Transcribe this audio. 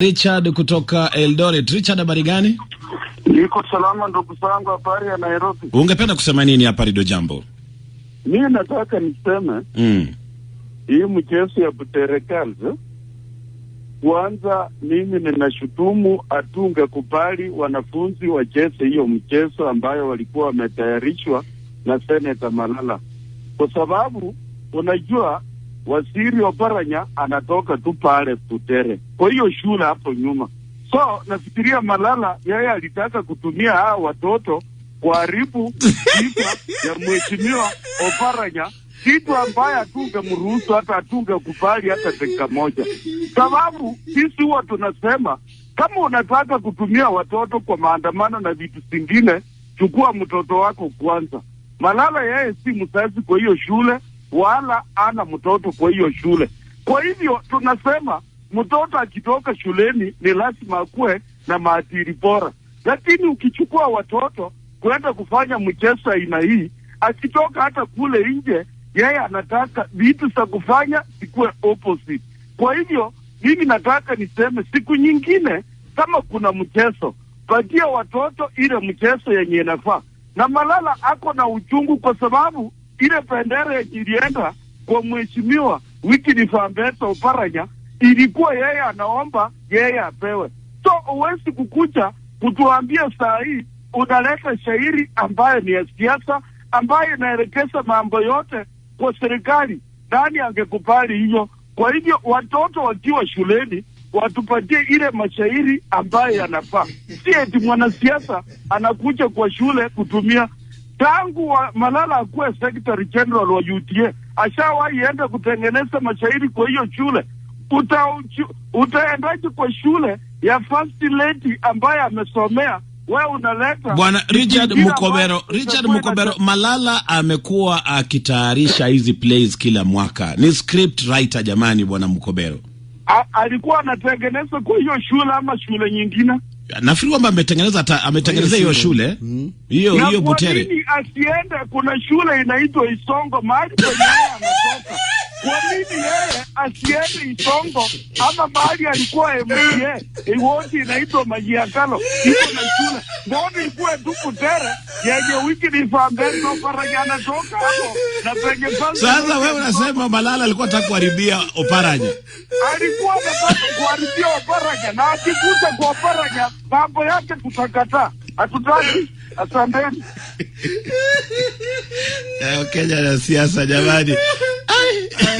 Richard kutoka Eldoret. Richard, habari gani? Niko salama ndugu zangu, habari ya Nairobi. Ungependa kusema nini hapa Radio Jambo? Mimi nataka niseme mm. hii mchezo ya Buterekals kwanza, mimi ninashutumu atunge kubali wanafunzi wacheze hiyo mchezo ambayo walikuwa wametayarishwa na seneta Malala, kwa sababu unajua wasiri wa Baranya anatoka tu pale Butere, kwa hiyo shule hapo nyuma. So nafikiria Malala yeye alitaka kutumia hawa watoto kuharibu sifa ya mheshimiwa Oparanya, kitu ambaye mruhusu hata hatungekubali hata dakika moja, sababu sisi huwa tunasema kama unataka kutumia watoto kwa maandamano na vitu zingine, chukua mtoto wako kwanza. Malala yeye si mzazi, kwa hiyo shule wala ana mtoto kwa hiyo shule. Kwa hivyo tunasema mtoto akitoka shuleni ni lazima akuwe na maadili bora, lakini ukichukua watoto kwenda kufanya mchezo aina hii, akitoka hata kule nje, yeye anataka vitu za kufanya sikuwe opposite. Kwa hivyo mimi nataka niseme, siku nyingine kama kuna mchezo, patia watoto ile mchezo yenye inafaa. Na Malala ako na uchungu kwa sababu ile bendera ilienda kwa mheshimiwa Wycliffe Fambeto Oparanya, ilikuwa yeye anaomba yeye apewe. So huwezi kukucha kutuambia saa hii unaleta shairi ambayo ni ya siasa, ambayo inaelekeza mambo yote kwa serikali. Nani angekubali hiyo? Kwa hivyo watoto wakiwa shuleni watupatie ile mashairi ambayo yanafaa, si eti mwanasiasa anakuja kwa shule kutumia tangu Malala akuwe secretary general wa UTA ashawahi enda kutengeneza mashairi kwa hiyo shule. Utaendaje kwa shule ya first lady ambaye amesomea? Wewe unaleta bwana Richard Mukobero, Richard Mukobero. Malala amekuwa akitayarisha hizi plays kila mwaka, ni script writer jamani, bwana Mukobero. alikuwa anatengeneza kwa hiyo shule ama shule nyingine? Nafikiri kwamba ametengeneza ametengeneza hiyo shule hmm. hiyo hiyo Butere. Asiende, kuna shule inaitwa Isongo mahali Kwa nini yeye asiende Isongo ama mahali alikuwa MCA? Iwoti inaitwa maji ya kalo iko na shule mboni, ikuwe tupu tere yenye wiki nifambeno Faraja anatoka hapo na penye pasi. Sasa wewe unasema Malala alikuwa kuharibia Oparanya, alikuwa anataka kuharibia Oparanya na akikuta kwa Oparanya mambo yake tutakataa, hatutaki. asambeni. Eh, Kenya na siasa jamani.